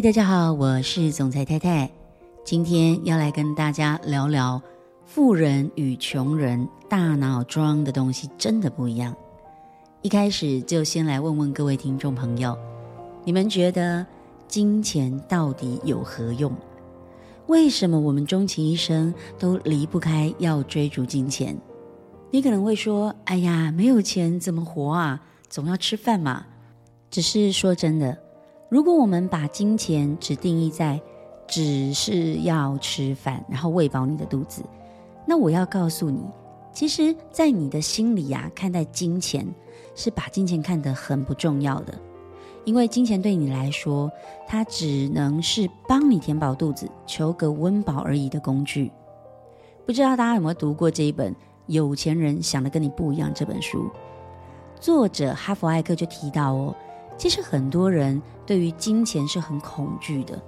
Hey, 大家好，我是總裁太太，今天要來跟大家聊聊富人與窮人大腦裝的東西真的不一樣。一開始就先來問問各位聽眾朋友，你們覺得金錢到底有何用？為什麼我們終其一生都離不開要追逐金錢？你可能會說：“哎呀，沒有錢怎麼活啊？總要吃飯嘛。”只是說真的。如果我們把金錢只定義在只是要吃飯，然後餵飽你的肚子，那我要告訴你，其實，在你的心裡啊，看待金錢是把金錢看得很不重要的，因為金錢對你來說，它只能是幫你填飽肚子、求個溫飽而已的工具。不知道大家有沒有讀過這一本《有錢人想的跟你不一樣》這本書？作者哈佛艾克就提到哦。其實很多人對於金錢是很恐懼的。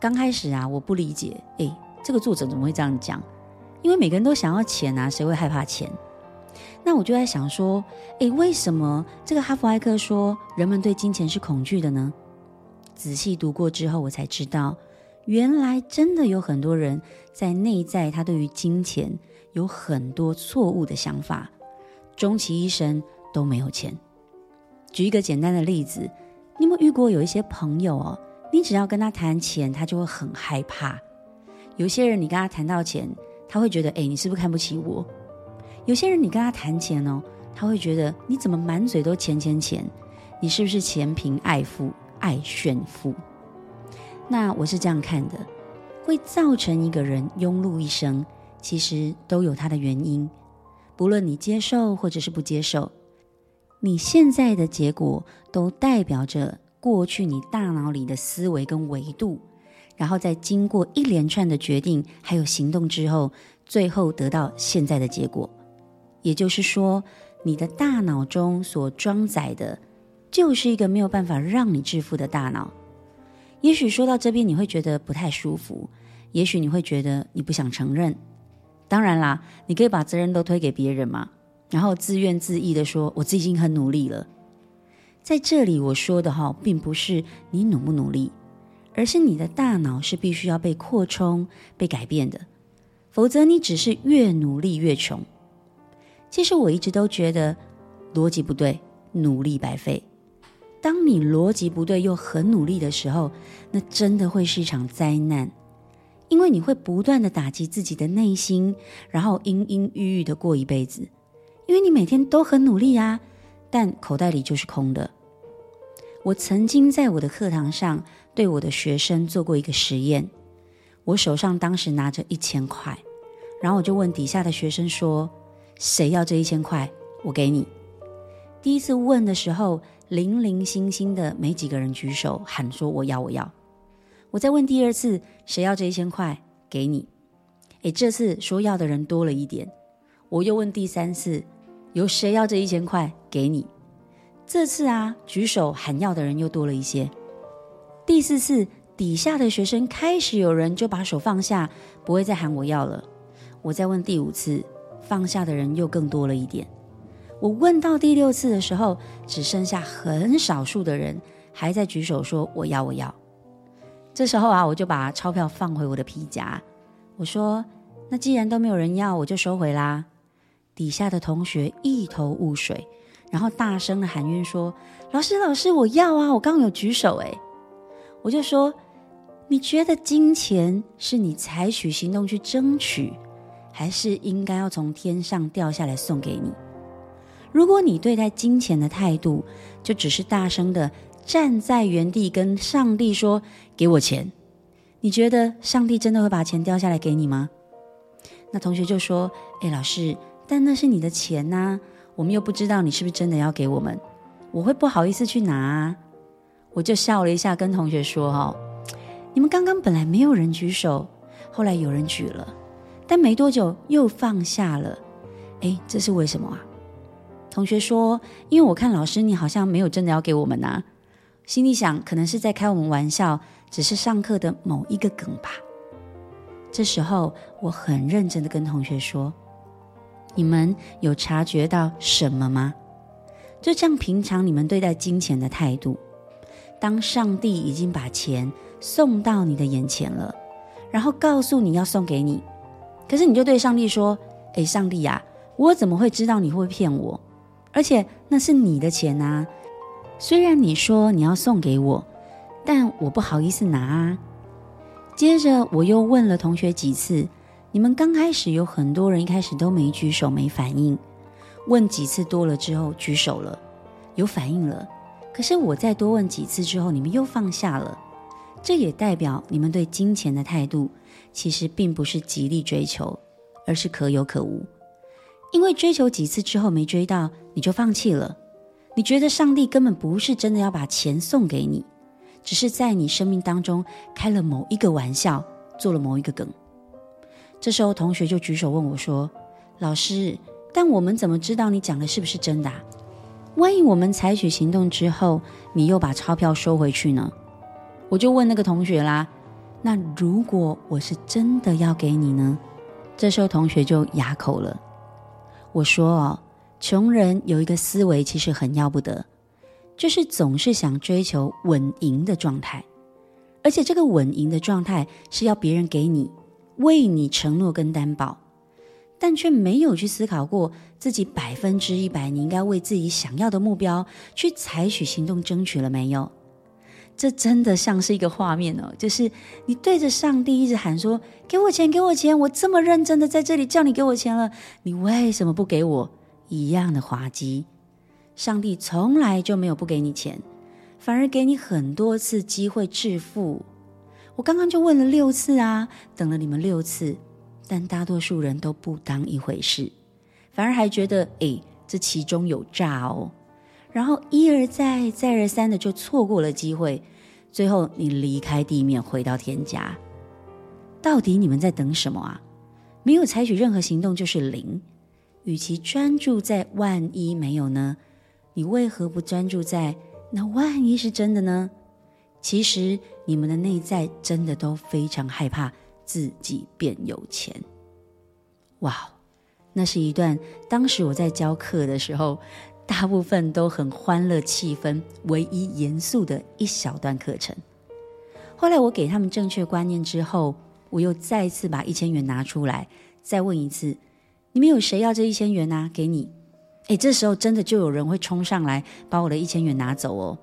剛開始啊，我不理解，哎，這個作者怎麼會這樣講？因為每個人都想要錢啊，誰會害怕錢？那我就在想說，哎，為什麼這個哈佛艾克說人們對金錢是恐懼的呢？仔細讀過之後，我才知道，原來真的有很多人在內在，他對於金錢有很多錯誤的想法，終其一生都沒有錢。舉一個簡單的例子，你有沒有遇過有一些朋友哦，你只要跟他談錢，他就會很害怕。有些人你跟他談到錢，他會覺得，哎，你是不是看不起我？有些人你跟他談錢哦，他會覺得，你怎麼滿嘴都錢錢錢？你是不是嫌貧愛富愛炫富？那我是這樣看的，會造成一個人庸碌一生，其實都有他的原因。不論你接受或者是不接受。你現在的結果都代表着過去你大腦裡的思維跟維度，然後再經過一連串的決定還有行動之後，最後得到現在的結果。也就是說，你的大腦中所裝載的，就是一個沒有辦法讓你致富的大腦。也許說到這邊你會覺得不太舒服，也許你會覺得你不想承認。當然啦，你可以把責任都推給別人嘛。然後自怨自艾的說：“我自己已經很努力了。”在這裡我說的哈，並不是你努不努力，而是你的大腦是必須要被擴充、被改變的，否則你只是越努力越窮。其實我一直都覺得邏輯不對，努力白費。當你邏輯不對又很努力的時候，那真的會是一場災難，因為你會不斷的打擊自己的內心，然後陰陰鬱鬱的過一輩子。因為你每天都很努力啊，但口袋裡就是空的。我曾經在我的課堂上對我的學生做過一個實驗，我手上當時拿着一千塊，然後我就問底下的學生說：“誰要這一千塊？我給你。”第一次問的時候，零零星星的沒幾個人舉手喊說“我要，我要”。我再問第二次，誰要這一千塊？給你。誒，這次說要的人多了一點。我又問第三次。有誰要這一千塊？給你。這次啊，舉手喊要的人又多了一些。第四次，底下的學生開始有人就把手放下，不會再喊我要了。我再問第五次，放下的人又更多了一點。我問到第六次的時候，只剩下很少數的人還在舉手說我要，我要。這時候啊，我就把鈔票放回我的皮夾，我說：“那既然都沒有人要，我就收回啦。”底下的同學一頭霧水，然後大聲的喊冤說：“老師，老師，我要啊！”我剛有舉手欸，我就說：“你覺得金錢是你採取行動去爭取，還是應該要從天上掉下來送給你？如果你對待金錢的態度，就只是大聲的站在原地跟上帝說‘給我錢’，你覺得上帝真的會把錢掉下來給你嗎？”那同學就說：“欸，老師。”但那是你的錢吶、啊，我們又不知道你是不是真的要給我們，我會不好意思去拿、啊。我就笑了一下，跟同學說、哦：“哈，你們剛剛本來沒有人舉手，後來有人舉了，但沒多久又放下了。哎，這是為什麼啊？”同學說：“因為我看老師你好像沒有真的要給我們拿、啊，心裡想可能是在開我們玩笑，只是上課的某一個梗吧。”這時候，我很認真的跟同學說。你們有察覺到什麼嗎？就像平常你們對待金錢的態度，當上帝已經把錢送到你的眼前了，然後告訴你要送給你，可是你就對上帝說：“哎，上帝呀，我怎麼會知道你會騙我？而且那是你的錢吶，雖然你說你要送給我，但我不好意思拿啊。”接着我又問了同學幾次。你們剛開始有很多人，一開始都沒舉手、沒反應。問幾次多了之後，舉手了，有反應了。可是我再多問幾次之後，你們又放下了。這也代表你們對金錢的態度，其實並不是極力追求，而是可有可無。因為追求幾次之後沒追到，你就放棄了。你覺得上帝根本不是真的要把錢送給你，只是在你生命當中開了某一個玩笑，做了某一個梗。這時候，同學就舉手問我說：說老師，但我們怎麼知道你講的是不是真的啊？萬一我們採取行動之後，你又把鈔票收回去呢？我就問那個同學啦：那如果我是真的要給你呢？這時候，同學就啞口了。我說：哦，窮人有一個思維其實很要不得，就是總是想追求穩贏的狀態，而且這個穩贏的狀態是要別人給你。為你承諾跟擔保，但卻沒有去思考過自己百分之一百，你應該為自己想要的目標去採取行動爭取了沒有？這真的像是一個畫面哦，就是你對着上帝一直喊說：“給我錢，給我錢！我這麼認真的在這裡叫你給我錢了，你為什麼不給我？”一樣的滑稽。上帝從來就沒有不給你錢，反而給你很多次機會致富。我剛剛就問了六次啊，等了你們六次，但大多數人都不當一回事，反而還覺得哎，這其中有詐哦，然後一而再，再而三的就錯過了機會，最後你離開地面回到天家，到底你們在等什麼啊？沒有採取任何行動就是零，與其專注在萬一沒有呢，你為何不專注在那萬一是真的呢？其實。你們的內在真的都非常害怕自己變有錢，哇！那是一段當時我在教課的時候，大部分都很歡樂氣氛，唯一嚴肅的一小段課程。後來我給他們正確觀念之後，我又再次把一千元拿出來，再問一次：你們有誰要這一千元啊，給你。誒，這時候真的就有人會衝上來把我的一千元拿走哦。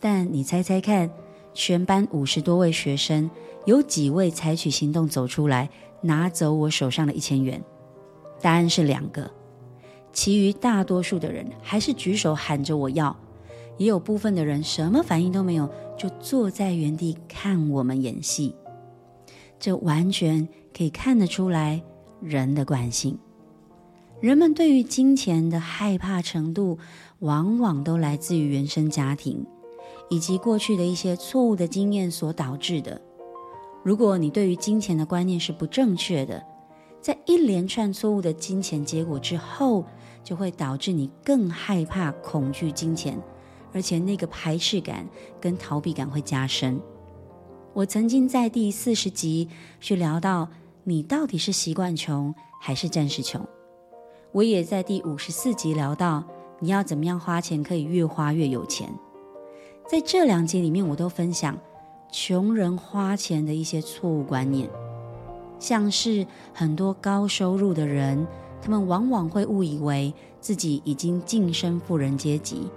但你猜猜看？全班五十多位學生，有幾位採取行動走出來，拿走我手上的一千元。答案是兩個，其餘大多數的人還是舉手喊着我要，也有部分的人什麼反應都沒有，就坐在原地看我們演戲。這完全可以看得出來人的慣性。人們對於金錢的害怕程度，往往都來自於原生家庭。以及過去的一些錯誤的經驗所導致的。如果你對於金錢的觀念是不正確的，在一連串錯誤的金錢結果之後，就會導致你更害怕、恐懼金錢，而且那個排斥感跟逃避感會加深。我曾經在第四十集去聊到，你到底是習慣窮還是暫時窮？我也在第五十四集聊到，你要怎麼樣花錢可以越花越有錢。在這兩集裡面，我都分享窮人花錢的一些錯誤觀念，像是很多高收入的人，他們往往會誤以為自己已經晉升富人階級，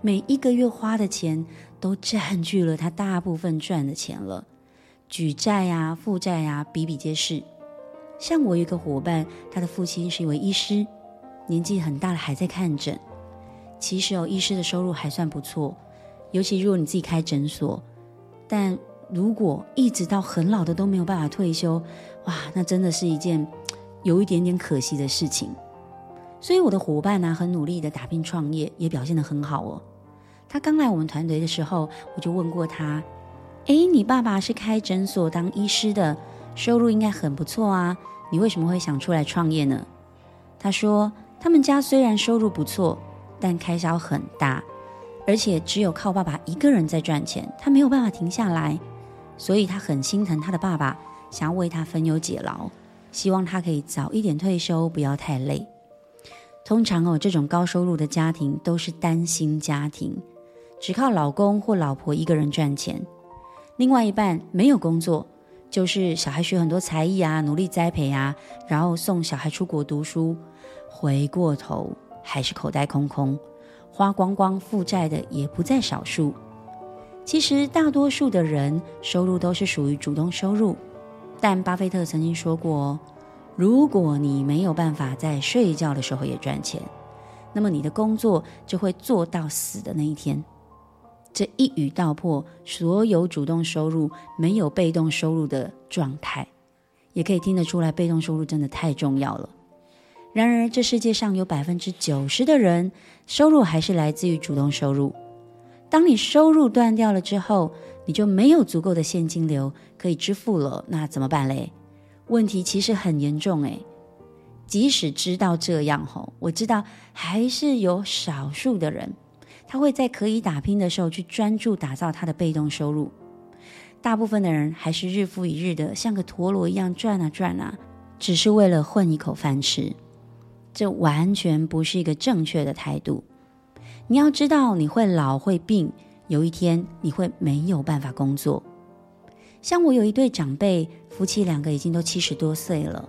每一個月花的錢都佔據了他大部分賺的錢了，舉債呀、負債呀、比比皆是。像我一個夥伴，他的父親是一位醫師，年紀很大了還在看診，其實哦，醫師的收入還算不錯。尤其如果你自己開診所，但如果一直到很老的都沒有辦法退休，哇，那真的是一件有一點點可惜的事情。所以我的夥伴呢、啊，很努力的打拼創業，也表現得很好哦。他剛來我們團隊的時候，我就問過他：“哎，你爸爸是開診所當醫師的，收入應該很不錯啊，你為什麼會想出來創業呢？”他說：“他們家雖然收入不錯，但開銷很大。”而且只有靠爸爸一個人在賺錢，他沒有辦法停下來，所以他很心疼他的爸爸，想要為他分憂解勞，希望他可以早一點退休，不要太累。通常哦，這種高收入的家庭都是單薪家庭，只靠老公或老婆一個人賺錢，另外一半沒有工作，就是小孩學很多才藝啊，努力栽培啊，然後送小孩出國讀書，回過頭還是口袋空空。花光光負債的也不在少數。其實大多數的人收入都是屬於主動收入，但巴菲特曾經說過：“哦，如果你沒有辦法在睡覺的時候也賺錢，那麽你的工作就會做到死的那一天。”這一語道破所有主動收入沒有被動收入的狀態，也可以聽得出來，被動收入真的太重要了。然而，這世界上有百分之九十的人收入還是來自於主動收入。當你收入斷掉了之後，你就沒有足夠的現金流可以支付了。那怎麼辦嘞？問題其實很嚴重誒，即使知道這樣吼，我知道還是有少數的人，他會在可以打拼的時候去專注打造他的被動收入。大部分的人還是日復一日的像個陀螺一樣轉啊轉啊，只是為了混一口飯吃。這完全不是一個正確的態度。你要知道，你會老會病，有一天你會沒有辦法工作。像我有一對長輩，夫妻兩個已經都七十多歲了，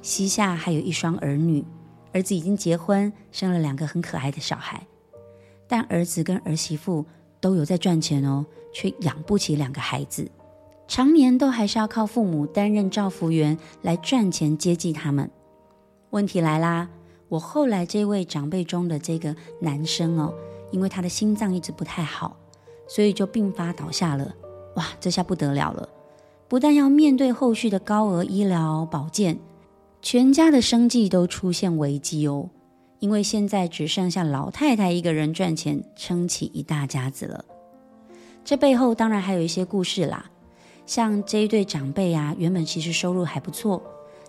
膝下還有一雙兒女，兒子已經結婚，生了兩個很可愛的小孩，但兒子跟兒媳婦都有在賺錢哦，卻養不起兩個孩子，常年都還是要靠父母擔任照服員來賺錢接濟他們。問題來啦！我後來這位長輩中的這個男生哦，因為他的心臟一直不太好，所以就病發倒下了。哇，這下不得了了，不但要面對後續的高額醫療保健，全家的生計都出現危機哦。因為現在只剩下老太太一個人賺錢撐起一大家子了。這背後當然還有一些故事啦，像這一對長輩啊，原本其實收入還不錯，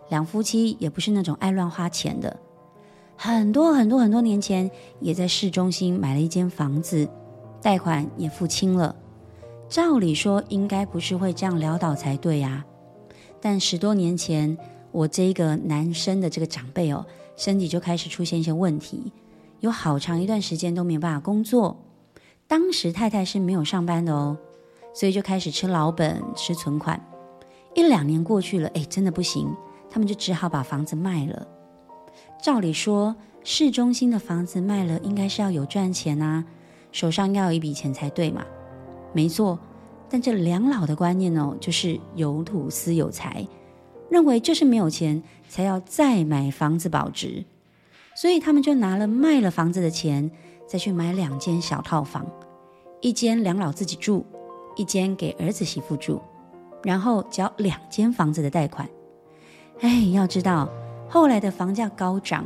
兩夫妻也不是那種愛亂花錢的。很多很多很多年前，也在市中心買了一間房子，貸款也付清了。照理說，應該不是會這樣潦倒才對呀。但十多年前，我這個男生的這個長輩哦，身體就開始出現一些問題，有好長一段時間都沒辦法工作。當時太太是沒有上班的哦，所以就開始吃老本、吃存款。一兩年過去了，哎，真的不行，他們就只好把房子賣了。照理說，市中心的房子賣了，應該是要有賺錢啊，手上要有一筆錢才對嘛。沒錯，但這兩老的觀念哦，就是有土斯有財，認為就是沒有錢才要再買房子保值，所以他們就拿了賣了房子的錢，再去買兩間小套房，一間兩老自己住，一間給兒子媳婦住，然後繳兩間房子的貸款。哎，要知道。後來的房價高漲，誒，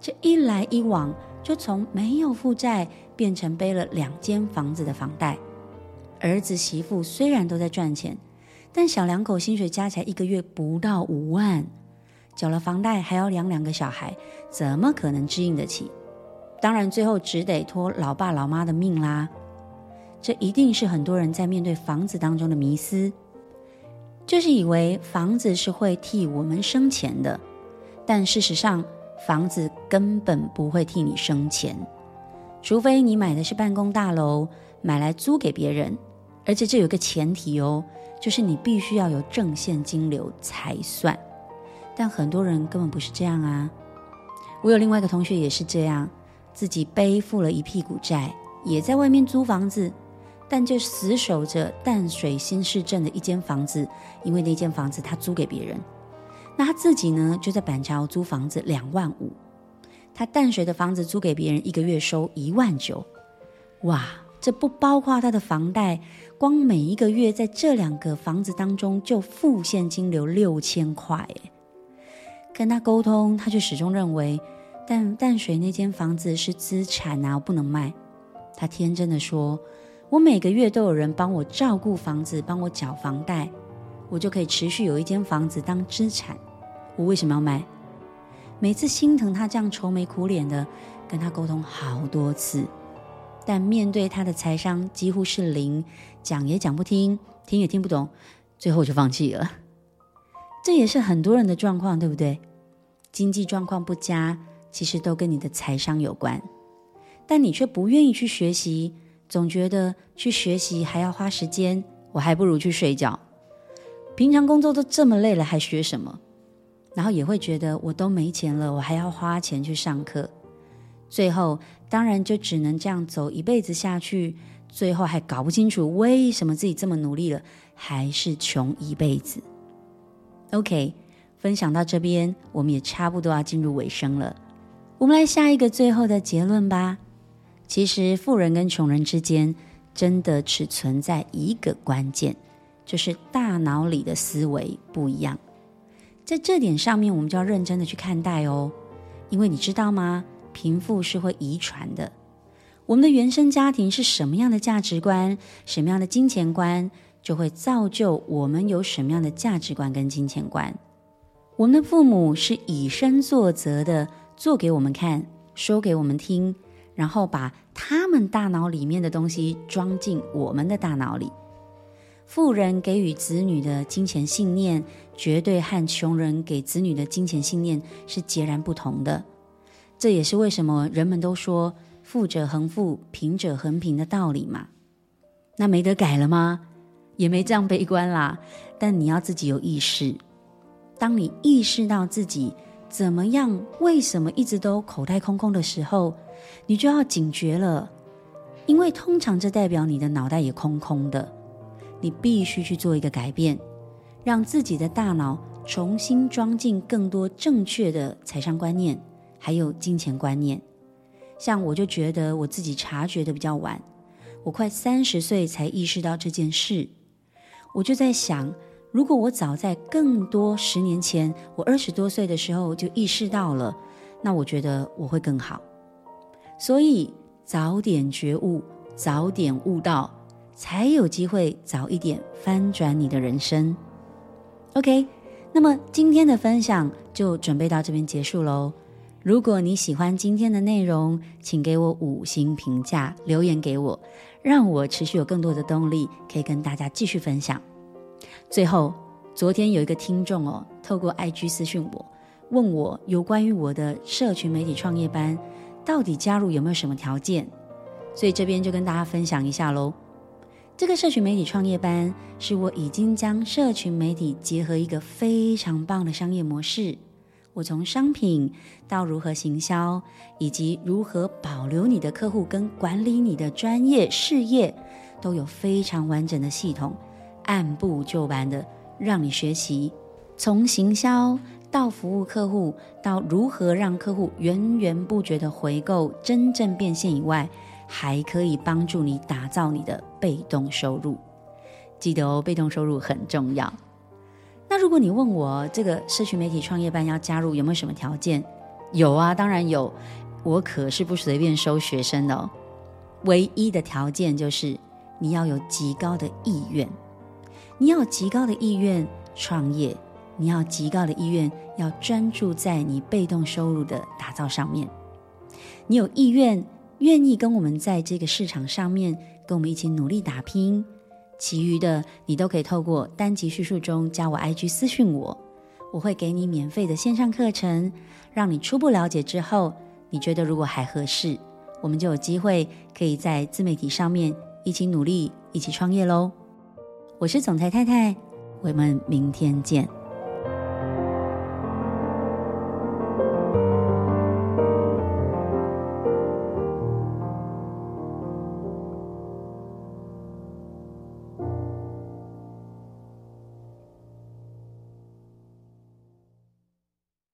這一來一往，就從沒有負債變成背了兩間房子的房貸。兒子媳婦雖然都在賺錢，但小兩口薪水加起來一個月不到五萬，繳了房貸還要養兩個小孩，怎麼可能支應得起？當然，最後只得託老爸老媽的命啦。這一定是很多人在面對房子當中的迷思，就是以為房子是會替我們生錢的。但事實上，房子根本不會替你生錢，除非你買的是辦公大樓，買來租給別人。而且這有個前提哦，就是你必須要有正現金流才算。但很多人根本不是這樣啊！我有另外一個同學也是這樣，自己背負了一屁股債，也在外面租房子，但就死守着淡水新市鎮的一間房子，因為那間房子他租給別人。那他自己呢，就在板橋租房子兩萬五，他淡水的房子租給別人，一個月收一萬九，哇，這不包括他的房貸，光每一個月在這兩個房子當中就負現金流六千塊。哎，跟他溝通，他卻始終認為，但淡、淡水那間房子是資產啊，我不能賣。他天真的說，我每個月都有人幫我照顧房子，幫我繳房貸，我就可以持續有一間房子當資產。我為什麼要買？每次心疼他這樣愁眉苦臉的，跟他溝通好多次，但面對他的財商幾乎是零，講也講不聽，聽也聽不懂，最後就放棄了。這也是很多人的狀況，對不對？經濟狀況不佳，其實都跟你的財商有關，但你卻不願意去學習，總覺得去學習還要花時間，我還不如去睡覺。平常工作都這麼累了，還學什麼？然後也會覺得我都沒錢了，我還要花錢去上課，最後當然就只能這樣走一輩子下去，最後還搞不清楚為什麼自己這麼努力了，還是窮一輩子。OK，分享到這邊，我們也差不多要進入尾聲了。我們來下一個最後的結論吧。其實富人跟窮人之間真的只存在一個關鍵，就是大腦裡的思維不一樣。在這點上面，我們就要認真的去看待哦，因為你知道嗎？貧富是會遺傳的。我們的原生家庭是什麼樣的價值觀，什麼樣的金錢觀，就會造就我們有什麼樣的價值觀跟金錢觀。我們的父母是以身作則的，做給我們看，說給我們聽，然後把他們大腦裡面的東西裝進我們的大腦裡。富人給予子女的金錢信念，絕對和窮人給子女的金錢信念是截然不同的。這也是為什麼人們都說“富者恆富，貧者恆貧”的道理嘛。那沒得改了嗎？也沒這樣悲觀啦。但你要自己有意識。當你意識到自己怎麼樣、為什麼一直都口袋空空的時候，你就要警覺了，因為通常這代表你的腦袋也空空的。你必須去做一個改變，讓自己的大腦重新裝進更多正確的財商觀念，還有金錢觀念。像我就覺得我自己察覺的比較晚，我快三十歲才意識到這件事。我就在想，如果我早在更多十年前，我二十多歲的時候就意識到了，那我覺得我會更好。所以，早點覺悟，早點悟道。才有機會早一點翻轉你的人生。OK，那麼今天的分享就準備到這邊結束嘍。如果你喜歡今天的內容，請給我五星評價，留言給我，讓我持續有更多的動力，可以跟大家繼續分享。最後，昨天有一個聽眾哦，透過 IG 私訊我，問我有關於我的社群媒體創業班，到底加入有沒有什麼條件？所以這邊就跟大家分享一下嘍。這個社群媒體創業班是我已經將社群媒體結合一個非常棒的商業模式。我從商品到如何行銷，以及如何保留你的客戶跟管理你的專業事業，都有非常完整的系統，按部就班的讓你學習。從行銷到服務客戶，到如何讓客戶源源不絕的回購，真正變現以外，還可以幫助你打造你的被動收入，記得哦，被動收入很重要。那如果你問我這個社群媒體創業班要加入有沒有什麼條件？有啊，當然有，我可是不隨便收學生的哦。唯一的條件就是你要有極高的意願，你要有極高的意願創業，你要極高的意願要專注在你被動收入的打造上面，你有意願，願意跟我們在這個市場上面跟我們一起努力打拼，其餘的你都可以透過單集敘述中加我 IG 私訊我，我會給你免費的線上課程，讓你初步了解之後，你覺得如果還合適，我們就有機會可以在自媒體上面一起努力，一起創業嘍。我是總裁太太，我們明天見。